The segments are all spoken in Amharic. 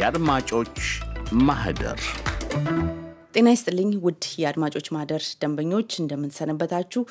የአድማጮች ማህደር ጤና ይስጥልኝ ውድ የአድማጮች ማህደር ደንበኞች እንደምንሰነበታችሁ።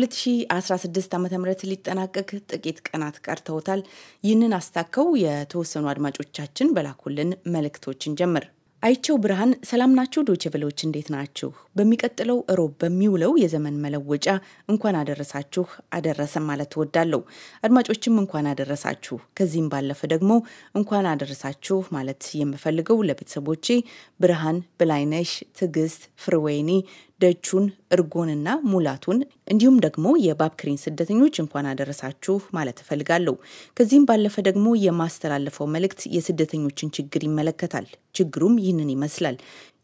2016 ዓ ም ሊጠናቀቅ ጥቂት ቀናት ቀርተውታል። ይህንን አስታከው የተወሰኑ አድማጮቻችን በላኩልን መልእክቶችን ጀምር አይቸው ብርሃን ሰላም ናችሁ ብሎች እንዴት ናችሁ? በሚቀጥለው እሮብ በሚውለው የዘመን መለወጫ እንኳን አደረሳችሁ አደረሰ ማለት ትወዳለሁ። አድማጮችም እንኳን አደረሳችሁ። ከዚህም ባለፈ ደግሞ እንኳን አደረሳችሁ ማለት የምፈልገው ለቤተሰቦቼ ብርሃን፣ ብላይነሽ፣ ትዕግስት፣ ፍርወይኒ ደቹን፣ እርጎንና ሙላቱን እንዲሁም ደግሞ የባብክሪን ስደተኞች እንኳን አደረሳችሁ ማለት እፈልጋለሁ። ከዚህም ባለፈ ደግሞ የማስተላለፈው መልእክት የስደተኞችን ችግር ይመለከታል። ችግሩም ይህንን ይመስላል።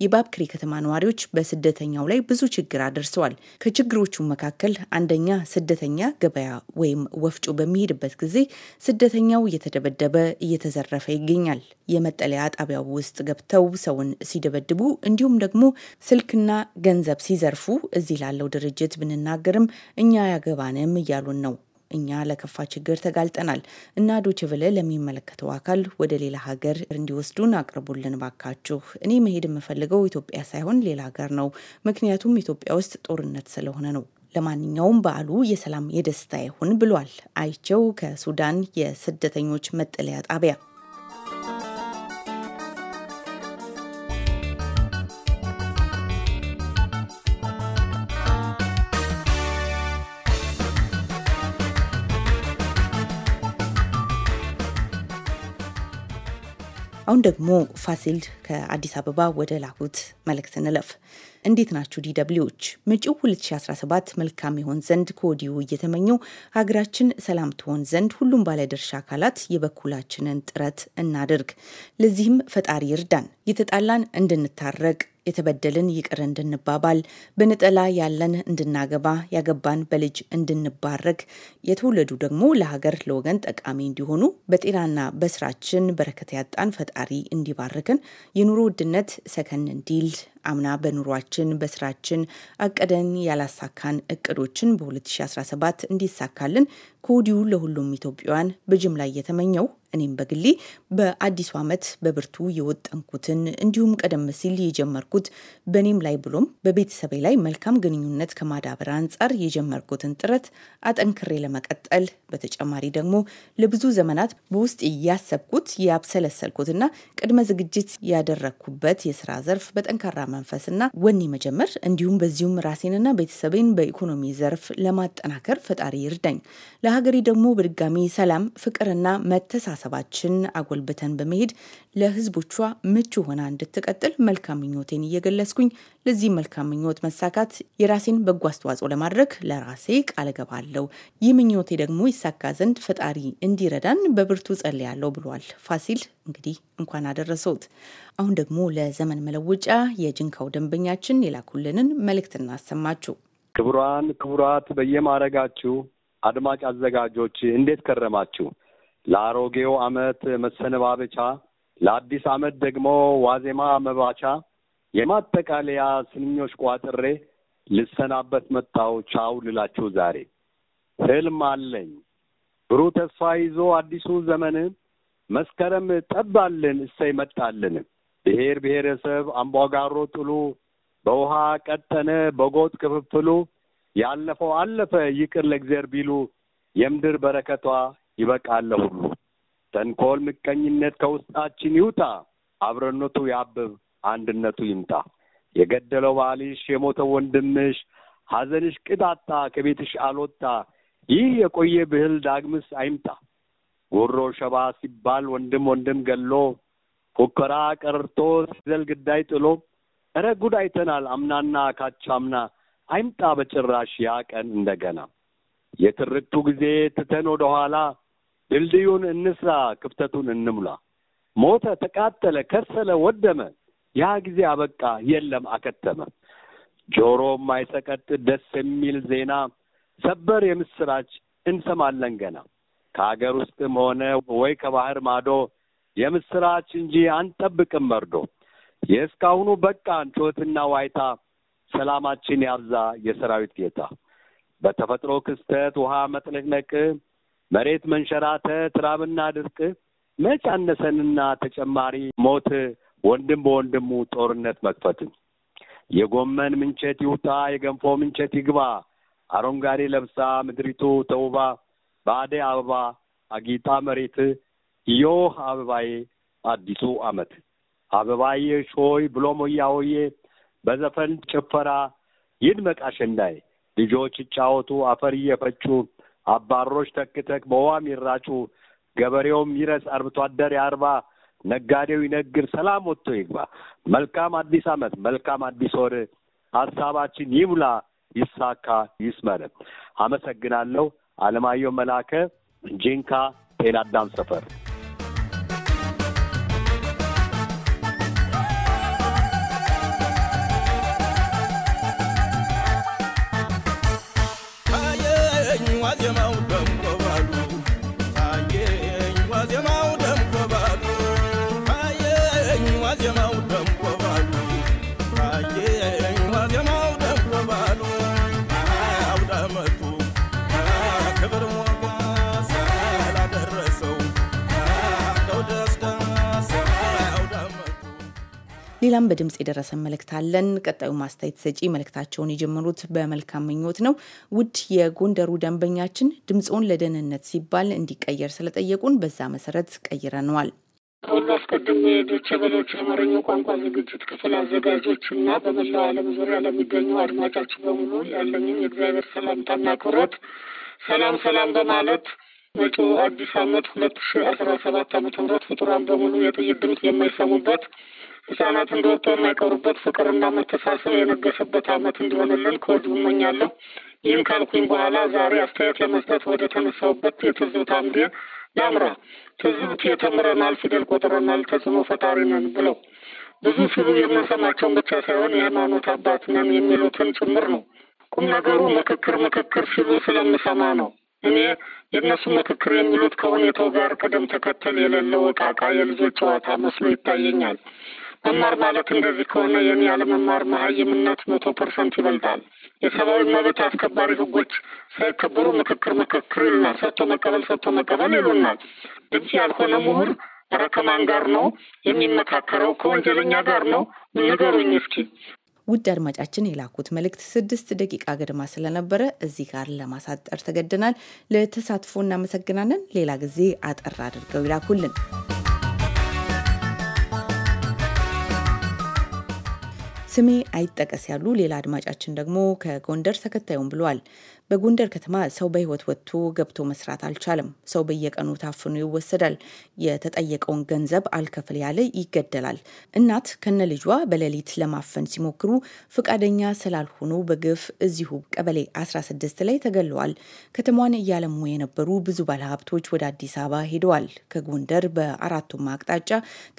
የባብክሪ ከተማ ነዋሪዎች በስደተኛው ላይ ብዙ ችግር አድርሰዋል። ከችግሮቹ መካከል አንደኛ ስደተኛ ገበያ ወይም ወፍጮ በሚሄድበት ጊዜ ስደተኛው እየተደበደበ እየተዘረፈ ይገኛል። የመጠለያ ጣቢያው ውስጥ ገብተው ሰውን ሲደበድቡ እንዲሁም ደግሞ ስልክና ገንዘብ ሲዘርፉ እዚህ ላለው ድርጅት ብንናገርም እኛ ያገባንም እያሉን ነው። እኛ ለከፋ ችግር ተጋልጠናል እና ዶችቨለ ለሚመለከተው አካል ወደ ሌላ ሀገር እንዲወስዱን አቅርቡልን ባካችሁ። እኔ መሄድ የምፈልገው ኢትዮጵያ ሳይሆን ሌላ ሀገር ነው፣ ምክንያቱም ኢትዮጵያ ውስጥ ጦርነት ስለሆነ ነው። ለማንኛውም በዓሉ የሰላም የደስታ ይሁን ብሏል። አይቸው ከሱዳን የስደተኞች መጠለያ ጣቢያ አሁን ደግሞ ፋሲል ከአዲስ አበባ ወደ ላኩት መልእክት እንለፍ። እንዴት ናችሁ ዲደብሊዎች? መጪው 2017 መልካም ይሆን ዘንድ ከወዲሁ እየተመኙ ሀገራችን ሰላም ትሆን ዘንድ ሁሉም ባለድርሻ አካላት የበኩላችንን ጥረት እናድርግ። ለዚህም ፈጣሪ ይርዳን። የተጣላን እንድንታረቅ የተበደልን ይቅር እንድንባባል፣ በነጠላ ያለን እንድናገባ፣ ያገባን በልጅ እንድንባረግ የተወለዱ ደግሞ ለሀገር ለወገን ጠቃሚ እንዲሆኑ፣ በጤናና በስራችን በረከት ያጣን ፈጣሪ እንዲባርክን፣ የኑሮ ውድነት ሰከን እንዲል፣ አምና በኑሯችን በስራችን አቀደን ያላሳካን እቅዶችን በ2017 እንዲሳካልን ከወዲሁ ለሁሉም ኢትዮጵያውያን በጅምላ እየተመኘው እኔም በግሌ በአዲሱ ዓመት በብርቱ የወጠንኩትን እንዲሁም ቀደም ሲል የጀመርኩት በእኔም ላይ ብሎም በቤተሰቤ ላይ መልካም ግንኙነት ከማዳበር አንጻር የጀመርኩትን ጥረት አጠንክሬ ለመቀጠል በተጨማሪ ደግሞ ለብዙ ዘመናት በውስጥ ያሰብኩት ያብሰለሰልኩትና ቅድመ ዝግጅት ያደረግኩበት የስራ ዘርፍ በጠንካራ መንፈስና ወኔ መጀመር እንዲሁም በዚሁም ራሴንና ቤተሰቤን በኢኮኖሚ ዘርፍ ለማጠናከር ፈጣሪ ይርዳኝ። ለሀገሬ ደግሞ በድጋሚ ሰላም፣ ፍቅርና መተሳሰብ አስተሳሰባችን አጎልብተን በመሄድ ለህዝቦቿ ምቹ ሆና እንድትቀጥል መልካም ምኞቴን እየገለጽኩኝ ለዚህ መልካም ምኞት መሳካት የራሴን በጎ አስተዋጽኦ ለማድረግ ለራሴ ቃል እገባለሁ። ይህ ምኞቴ ደግሞ ይሳካ ዘንድ ፈጣሪ እንዲረዳን በብርቱ ጸልያለሁ ብሏል ፋሲል። እንግዲህ እንኳን አደረሰውት። አሁን ደግሞ ለዘመን መለወጫ የጅንካው ደንበኛችን የላኩልንን መልእክት እናሰማችሁ። ክቡራን ክቡራት፣ በየማረጋችሁ አድማጭ አዘጋጆች እንዴት ከረማችሁ? ለአሮጌው ዓመት መሰነባበቻ፣ ለአዲስ ዓመት ደግሞ ዋዜማ መባቻ የማጠቃለያ ስንኞች ቋጥሬ ልሰናበት መጣው ቻው ልላችሁ ዛሬ። ህልም አለኝ ብሩህ ተስፋ ይዞ አዲሱ ዘመን መስከረም ጠባልን እሰይ መጣልን። ብሔር ብሔረሰብ አምቧጋሮ ጥሉ በውሃ ቀጠነ በጎጥ ክፍፍሉ ያለፈው አለፈ ይቅር ለእግዜር ቢሉ የምድር በረከቷ ይበቃል ለሁሉ። ተንኮል፣ ምቀኝነት ከውስጣችን ይውጣ። አብረነቱ ያብብ፣ አንድነቱ ይምጣ። የገደለው ባልሽ፣ የሞተው ወንድምሽ፣ ሐዘንሽ ቅጣጣ ከቤትሽ አልወጣ። ይህ የቆየ ብህል ዳግምስ አይምጣ። ጉሮ ሸባ ሲባል ወንድም ወንድም ገሎ ፉከራ ቀርቶ ሲዘል ግዳይ ጥሎ እረ ጉድ አይተናል አምናና ካቻምና። አይምጣ በጭራሽ ያ ቀን እንደገና። የትርቱ ጊዜ ትተን ወደኋላ ድልድዩን እንስራ፣ ክፍተቱን እንሙላ። ሞተ፣ ተቃጠለ፣ ከሰለ፣ ወደመ፣ ያ ጊዜ አበቃ፣ የለም አከተመ። ጆሮም አይሰቀጥጥ ደስ የሚል ዜና ሰበር የምስራች እንሰማለን ገና ከሀገር ውስጥም ሆነ ወይ ከባህር ማዶ የምስራች እንጂ አንጠብቅም መርዶ። የእስካሁኑ በቃን ጩኸትና ዋይታ፣ ሰላማችን ያብዛ የሰራዊት ጌታ። በተፈጥሮ ክስተት ውሃ መጥለቅለቅ መሬት መንሸራተት፣ ራብና ድርቅ መች አነሰንና ተጨማሪ ሞት፣ ወንድም በወንድሙ ጦርነት መክፈትን የጎመን ምንቸት ይውጣ፣ የገንፎ ምንቸት ይግባ፣ አረንጓዴ ለብሳ ምድሪቱ ተውባ፣ በአደይ አበባ አጊጣ መሬት ዮህ አበባዬ አዲሱ አመት አበባዬ ሾይ ብሎ ሞያሆዬ በዘፈን ጭፈራ ይድመቅ አሸንዳዬ ልጆች ይጫወቱ አፈር እየፈጩ አባሮች ተክተክ በዋም ይራጩ፣ ገበሬውም ይረስ፣ አርብቶ አደር ያርባ፣ ነጋዴው ይነግር ሰላም ወጥቶ ይግባ። መልካም አዲስ ዓመት፣ መልካም አዲስ ወር። ሀሳባችን ይሙላ፣ ይሳካ፣ ይስመር። አመሰግናለሁ። አለማየሁ መላከ ጂንካ ጤናዳም ሰፈር ሌላም በድምፅ የደረሰ መልእክት አለን። ቀጣዩ ማስተያየት ሰጪ መልእክታቸውን የጀመሩት በመልካም ምኞት ነው። ውድ የጎንደሩ ደንበኛችን ድምፆን ለደህንነት ሲባል እንዲቀየር ስለጠየቁን በዛ መሰረት ቀይረነዋል። ከሁሉ አስቀድሜ የዶቸበሎች የአማርኛ ቋንቋ ዝግጅት ክፍል አዘጋጆች እና በመላው ዓለም ዙሪያ ለሚገኙ አድማጫች በሙሉ ያለኝን የእግዚአብሔር ሰላምታና ክብረት ሰላም ሰላም በማለት መጪው አዲስ ዓመት ሁለት ሺ አስራ ሰባት ዓመተ ምህረት ፍጡራን በሙሉ የጥይት ድምፅ የማይሰሙበት ህጻናት እንደወጡ የማይቀሩበት ፍቅርና መተሳሰብ የነገሰበት ዓመት እንዲሆንልን ከወዲሁ እመኛለሁ። ይህም ካልኩኝ በኋላ ዛሬ አስተያየት ለመስጠት ወደ ተነሳውበት የትዝብት አምዴ ያምራ። ትዝብት የተምረናል፣ ፊደል ቆጥረናል፣ ተጽዕኖ ፈጣሪ ነን ብለው ብዙ ሲሉ የምንሰማቸውን ብቻ ሳይሆን የሃይማኖት አባት ነን የሚሉትን ጭምር ነው። ቁም ነገሩ ምክክር ምክክር ሲሉ ስለምሰማ ነው። እኔ የእነሱ ምክክር የሚሉት ከሁኔታው ጋር ቅደም ተከተል የሌለው ዕቃ ዕቃ የልጆች ጨዋታ መስሎ ይታየኛል። መማር ማለት እንደዚህ ከሆነ የኔ ያለመማር መሀይምነት መቶ ፐርሰንት ይበልጣል። የሰብአዊ መብት አስከባሪ ህጎች ሳይከበሩ ምክክር ምክክር ይሉናል። ሰጥቶ መቀበል ሰጥቶ መቀበል ይሉናል። ድምፅ ያልሆነ ምሁር ከማን ጋር ነው የሚመካከረው? ከወንጀለኛ ጋር ነው? ንገሩኝ እስኪ። ውድ አድማጫችን የላኩት መልእክት ስድስት ደቂቃ ገድማ ስለነበረ እዚህ ጋር ለማሳጠር ተገድናል። ለተሳትፎ እናመሰግናለን። ሌላ ጊዜ አጠር አድርገው ይላኩልን። ስሜ አይጠቀስ ያሉ ሌላ አድማጫችን ደግሞ ከጎንደር ተከታዩም ብለዋል። በጎንደር ከተማ ሰው በህይወት ወጥቶ ገብቶ መስራት አልቻለም። ሰው በየቀኑ ታፍኖ ይወሰዳል። የተጠየቀውን ገንዘብ አልከፍል ያለ ይገደላል። እናት ከነ ልጇ በሌሊት ለማፈን ሲሞክሩ ፈቃደኛ ስላልሆኑ በግፍ እዚሁ ቀበሌ 16 ላይ ተገለዋል። ከተማዋን እያለሙ የነበሩ ብዙ ባለሀብቶች ወደ አዲስ አበባ ሄደዋል። ከጎንደር በአራቱም አቅጣጫ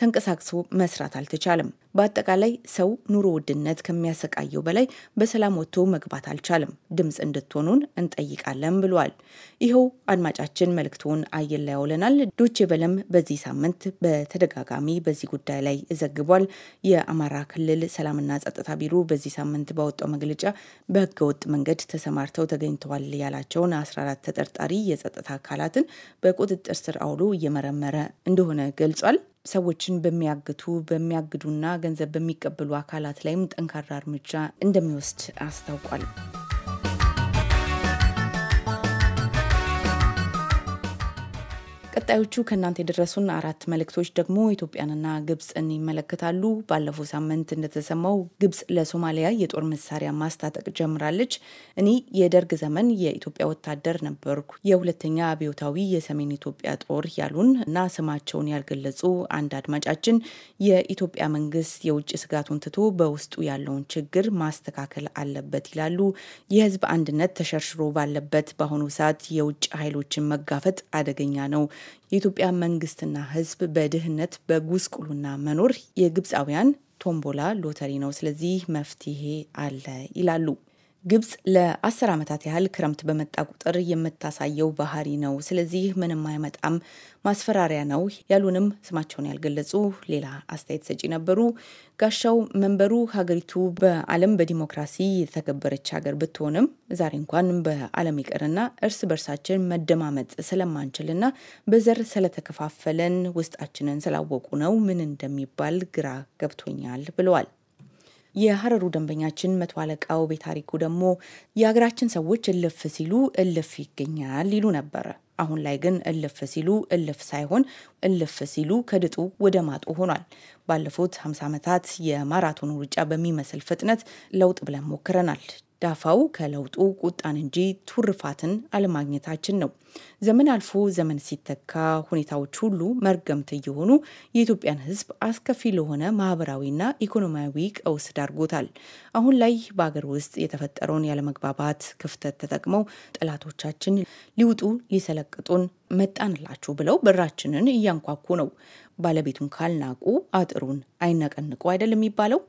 ተንቀሳቅሶ መስራት አልተቻለም። በአጠቃላይ ሰው ኑሮ ውድነት ከሚያሰቃየው በላይ በሰላም ወጥቶ መግባት አልቻለም። ድምፅ እንድትሆኑን እንጠይቃለን ብሏል። ይኸው አድማጫችን መልእክቶን አየር ላይ ያውለናል። ዶቼ በለም በዚህ ሳምንት በተደጋጋሚ በዚህ ጉዳይ ላይ ዘግቧል። የአማራ ክልል ሰላምና ጸጥታ ቢሮ በዚህ ሳምንት ባወጣው መግለጫ በህገወጥ መንገድ ተሰማርተው ተገኝተዋል ያላቸውን 14 ተጠርጣሪ የጸጥታ አካላትን በቁጥጥር ስር አውሎ እየመረመረ እንደሆነ ገልጿል። ሰዎችን በሚያግቱ በሚያግዱና ገንዘብ በሚቀበሉ አካላት ላይም ጠንካራ እርምጃ እንደሚወስድ አስታውቋል። ቀጣዮቹ ከእናንተ የደረሱን አራት መልእክቶች ደግሞ ኢትዮጵያንና ግብፅን ይመለከታሉ። ባለፈው ሳምንት እንደተሰማው ግብፅ ለሶማሊያ የጦር መሳሪያ ማስታጠቅ ጀምራለች። እኔ የደርግ ዘመን የኢትዮጵያ ወታደር ነበርኩ፣ የሁለተኛ አብዮታዊ የሰሜን ኢትዮጵያ ጦር ያሉን እና ስማቸውን ያልገለጹ አንድ አድማጫችን የኢትዮጵያ መንግስት የውጭ ስጋቱን ትቶ በውስጡ ያለውን ችግር ማስተካከል አለበት ይላሉ። የህዝብ አንድነት ተሸርሽሮ ባለበት በአሁኑ ሰዓት የውጭ ኃይሎችን መጋፈጥ አደገኛ ነው። የኢትዮጵያ መንግስትና ህዝብ በድህነት በጉስቁሉና መኖር የግብፃውያን ቶምቦላ ሎተሪ ነው፣ ስለዚህ መፍትሄ አለ ይላሉ። ግብጽ ለአስር ዓመታት ያህል ክረምት በመጣ ቁጥር የምታሳየው ባህሪ ነው። ስለዚህ ምንም አይመጣም፣ ማስፈራሪያ ነው ያሉንም ስማቸውን ያልገለጹ ሌላ አስተያየት ሰጪ ነበሩ። ጋሻው መንበሩ ሀገሪቱ በዓለም በዲሞክራሲ የተከበረች ሀገር ብትሆንም ዛሬ እንኳን በዓለም ይቅርና እርስ በርሳችን መደማመጥ ስለማንችልና በዘር ስለተከፋፈለን ውስጣችንን ስላወቁ ነው ምን እንደሚባል ግራ ገብቶኛል ብለዋል። የሀረሩ ደንበኛችን መቶ አለቃው ቤታሪኩ ደግሞ የሀገራችን ሰዎች እልፍ ሲሉ እልፍ ይገኛል ይሉ ነበረ። አሁን ላይ ግን እልፍ ሲሉ እልፍ ሳይሆን እልፍ ሲሉ ከድጡ ወደ ማጡ ሆኗል። ባለፉት 50 ዓመታት የማራቶን ሩጫ በሚመስል ፍጥነት ለውጥ ብለን ሞክረናል። ዳፋው ከለውጡ ቁጣን እንጂ ቱርፋትን አለማግኘታችን ነው። ዘመን አልፎ ዘመን ሲተካ ሁኔታዎች ሁሉ መርገምት እየሆኑ የኢትዮጵያን ሕዝብ አስከፊ ለሆነ ማህበራዊና ኢኮኖሚያዊ ቀውስ ዳርጎታል። አሁን ላይ በአገር ውስጥ የተፈጠረውን ያለመግባባት ክፍተት ተጠቅመው ጠላቶቻችን ሊውጡ ሊሰለቅጡን መጣንላችሁ ብለው በራችንን እያንኳኩ ነው። ባለቤቱን ካልናቁ አጥሩን አይነቀንቁ አይደል የሚባለው?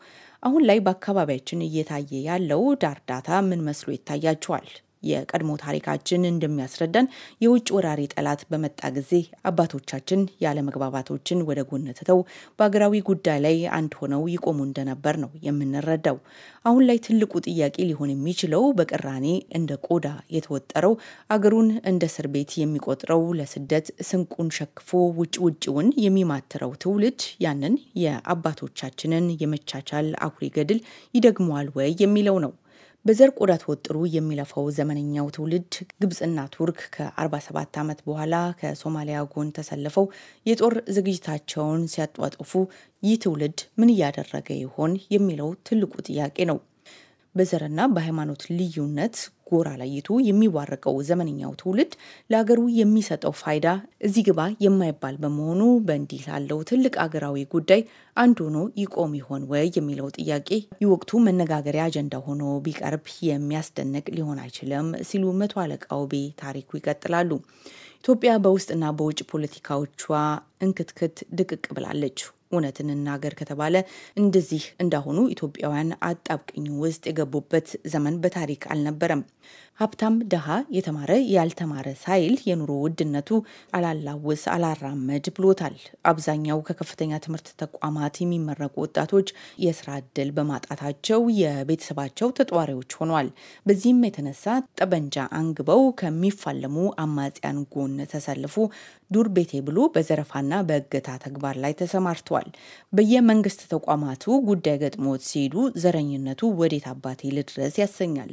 አሁን ላይ በአካባቢያችን እየታየ ያለው ዳርዳታ ምን መስሎ ይታያቸዋል? የቀድሞ ታሪካችን እንደሚያስረዳን የውጭ ወራሪ ጠላት በመጣ ጊዜ አባቶቻችን ያለመግባባቶችን ወደ ጎን ትተው በአገራዊ ጉዳይ ላይ አንድ ሆነው ይቆሙ እንደነበር ነው የምንረዳው። አሁን ላይ ትልቁ ጥያቄ ሊሆን የሚችለው በቅራኔ እንደ ቆዳ የተወጠረው አገሩን እንደ እስር ቤት የሚቆጥረው ለስደት ስንቁን ሸክፎ ውጭ ውጭውን የሚማትረው ትውልድ ያንን የአባቶቻችንን የመቻቻል አኩሪ ገድል ይደግመዋል ወይ የሚለው ነው። በዘር ቆዳ ተወጥሩ የሚለፋው ዘመነኛው ትውልድ ግብጽና ቱርክ ከ47 ዓመት በኋላ ከሶማሊያ ጎን ተሰልፈው የጦር ዝግጅታቸውን ሲያጧጥፉ ይህ ትውልድ ምን እያደረገ ይሆን የሚለው ትልቁ ጥያቄ ነው። በዘርና በሃይማኖት ልዩነት ጎራ ለይቶ የሚዋረቀው ዘመነኛው ትውልድ ለሀገሩ የሚሰጠው ፋይዳ እዚህ ግባ የማይባል በመሆኑ በእንዲህ ላለው ትልቅ አገራዊ ጉዳይ አንድ ሆኖ ይቆም ይሆን ወይ የሚለው ጥያቄ የወቅቱ መነጋገሪያ አጀንዳ ሆኖ ቢቀርብ የሚያስደንቅ ሊሆን አይችልም ሲሉ መቶ አለቃው ቤ ታሪኩ ይቀጥላሉ። ኢትዮጵያ በውስጥና በውጭ ፖለቲካዎቿ እንክትክት ድቅቅ ብላለች። እውነት እንናገር ከተባለ እንደዚህ እንዳሁኑ ኢትዮጵያውያን አጣብቅኝ ውስጥ የገቡበት ዘመን በታሪክ አልነበረም። ሀብታም ድሃ፣ የተማረ ያልተማረ ሳይል የኑሮ ውድነቱ አላላውስ አላራመድ ብሎታል። አብዛኛው ከከፍተኛ ትምህርት ተቋማት የሚመረቁ ወጣቶች የስራ እድል በማጣታቸው የቤተሰባቸው ተጧሪዎች ሆኗል። በዚህም የተነሳ ጠበንጃ አንግበው ከሚፋለሙ አማጽያን ጎን ተሰልፉ ዱር ቤቴ ብሎ በዘረፋና በእገታ ተግባር ላይ ተሰማርተዋል። በየመንግስት ተቋማቱ ጉዳይ ገጥሞት ሲሄዱ ዘረኝነቱ ወዴት አባቴ ልድረስ ያሰኛል።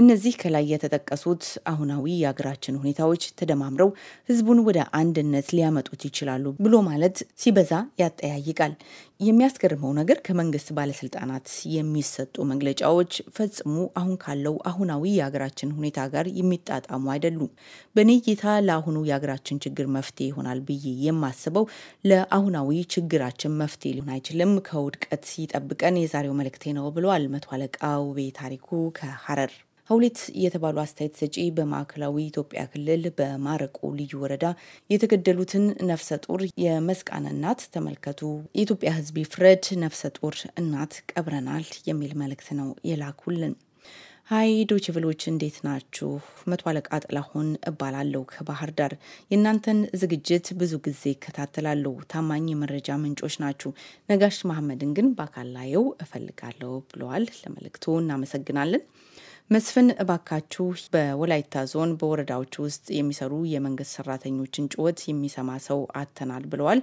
እነዚህ ከላይ የተጠቀሱት አሁናዊ የሀገራችን ሁኔታዎች ተደማምረው ህዝቡን ወደ አንድነት ሊያመጡት ይችላሉ ብሎ ማለት ሲበዛ ያጠያይቃል። የሚያስገርመው ነገር ከመንግስት ባለስልጣናት የሚሰጡ መግለጫዎች ፈጽሞ አሁን ካለው አሁናዊ የሀገራችን ሁኔታ ጋር የሚጣጣሙ አይደሉም። በእኔ እይታ ለአሁኑ የሀገራችን ችግር መፍትሄ ይሆናል ብዬ የማስበው ለአሁናዊ ችግራችን መፍትሄ ሊሆን አይችልም፣ ከውድቀት ይጠብቀን የዛሬው መልእክቴ ነው ብለዋል መቶ አለቃ ውቤ ታሪኩ ከሀረር። ሀውሊት የተባሉ አስተያየት ሰጪ በማዕከላዊ ኢትዮጵያ ክልል በማረቆ ልዩ ወረዳ የተገደሉትን ነፍሰ ጡር የመስቃን እናት ተመልከቱ። የኢትዮጵያ ሕዝብ ፍረድ ነፍሰ ጡር እናት ቀብረናል የሚል መልእክት ነው የላኩልን። ሀይ ዶችቭሎች እንዴት ናችሁ? መቶ አለቃ ጥላሁን እባላለሁ ከባህር ዳር። የእናንተን ዝግጅት ብዙ ጊዜ እከታተላለሁ። ታማኝ የመረጃ ምንጮች ናችሁ። ነጋሽ መሐመድን ግን በአካል ላየው እፈልጋለሁ ብለዋል። ለመልእክቱ እናመሰግናለን። መስፍን እባካችሁ በወላይታ ዞን በወረዳዎች ውስጥ የሚሰሩ የመንግስት ሰራተኞችን ጩኸት የሚሰማ ሰው አተናል ብለዋል።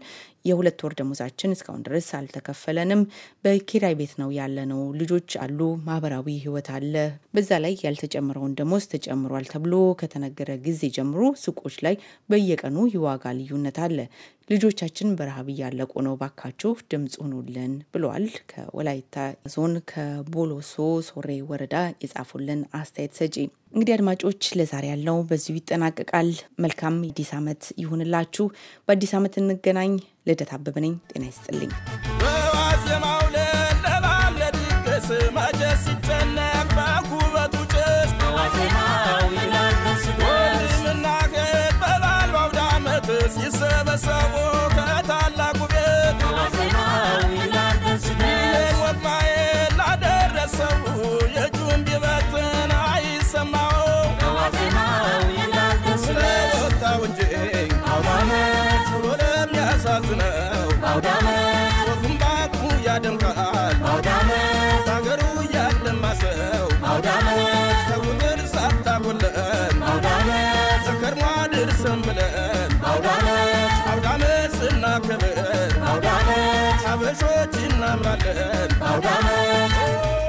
የሁለት ወር ደሞዛችን እስካሁን ድረስ አልተከፈለንም። በኪራይ ቤት ነው ያለነው። ልጆች አሉ፣ ማህበራዊ ህይወት አለ። በዛ ላይ ያልተጨመረውን ደሞዝ ተጨምሯል ተብሎ ከተነገረ ጊዜ ጀምሮ ሱቆች ላይ በየቀኑ የዋጋ ልዩነት አለ። ልጆቻችን በረሃብ እያለቁ ነው፣ ባካችሁ ድምፅ ሆኑልን ብሏል። ከወላይታ ዞን ከቦሎሶ ሶሬ ወረዳ የጻፉልን አስተያየት ሰጪ። እንግዲህ አድማጮች ለዛሬ ያለው በዚሁ ይጠናቀቃል። መልካም አዲስ ዓመት ይሁንላችሁ። በአዲስ ዓመት እንገናኝ። ልደት አበበ ነኝ። ጤና ይስጥልኝ። ቤተሰቡ ከታላቁ ቤት ይህን ወጥማዬ ላደረሰው የእጁን አይሰማው ስለወጣው እንጂ አውዳመት ወደሚያሳዝነው አውዳመት ያደምቃል አውዳመት አገሩ ያለማ ሰው በሺዎች እናምናለን አውዳመ